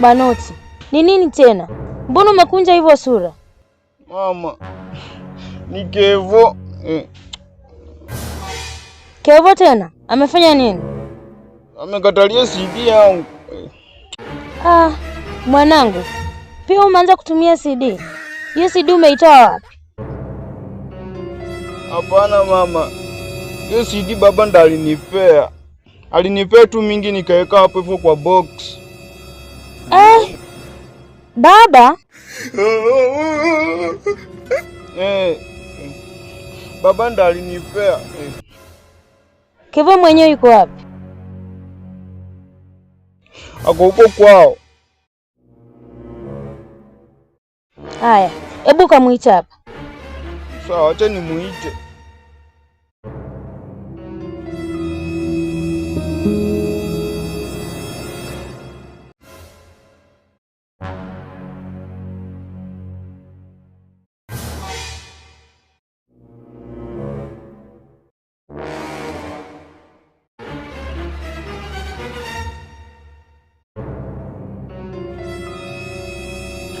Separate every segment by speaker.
Speaker 1: Banoti, ni nini tena? Mbona umekunja hivyo sura?
Speaker 2: Mama, ni Kevo. Mm.
Speaker 1: Kevo tena amefanya nini?
Speaker 2: Amekatalia CD yangu.
Speaker 1: Ah, mwanangu, pia umeanza kutumia CD? Hiyo CD umeitoa wapi?
Speaker 2: Hapana mama, hiyo CD baba ndo alinipea, alinipea tu mingi nikaweka hapo hivyo kwa box.
Speaker 1: Eh, baba
Speaker 2: eh, baba ndo alinipea eh.
Speaker 1: Kevo mwenyewe yuko wapi?
Speaker 2: Ako huko kwao.
Speaker 1: Haya, hebu kamuita hapa.
Speaker 2: Sawa, acha nimuite.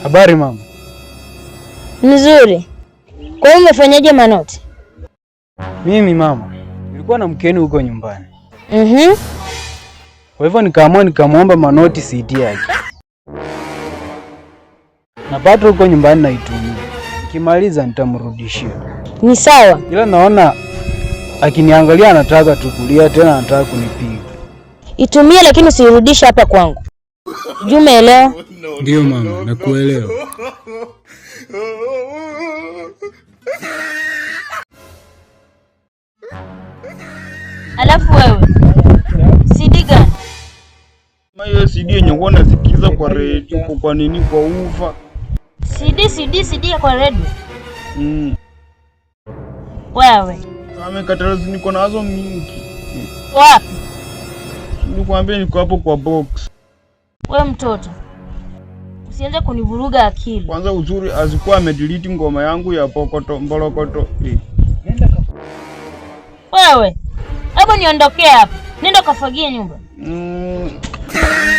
Speaker 3: Habari mama.
Speaker 1: Mzuri. Kwa hiyo umefanyaje Manoti?
Speaker 3: Mimi mama, nilikuwa na mkeni huko nyumbani. Mhm. Kwa hivyo nikaamua nikamwomba Manoti CD yake. Napata huko nyumbani naitumia, nikimaliza nitamrudishia. Ni sawa, ila naona akiniangalia anataka tukulia, tena anataka kunipiga.
Speaker 1: Itumie lakini usirudisha hapa kwangu. Jumeelewa?
Speaker 2: Ndio mama, nakuelewa.
Speaker 1: Alafu wewe sidiga gani?
Speaker 2: Hiyo CD yenye huwa nasikiza kwa redio, kwa nini, kwa ufa
Speaker 1: CD, CD, CD kwa redio. Mm. Wewe
Speaker 2: amekatarazi, niko nazo mingi. Wapi? Nikuambia, niko hapo kwa bob
Speaker 1: We mtoto usianze kunivuruga akili.
Speaker 2: Kwanza uzuri azikuwa amedelete ngoma yangu ya pokoto mbolokoto.
Speaker 1: Wewe hebu niondokee hapa, nenda kafagie nyumba mm.